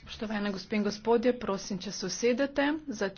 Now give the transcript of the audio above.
spoštovane gospe in gospodje prosim če se usedete začenjam s prekinjeno sejo.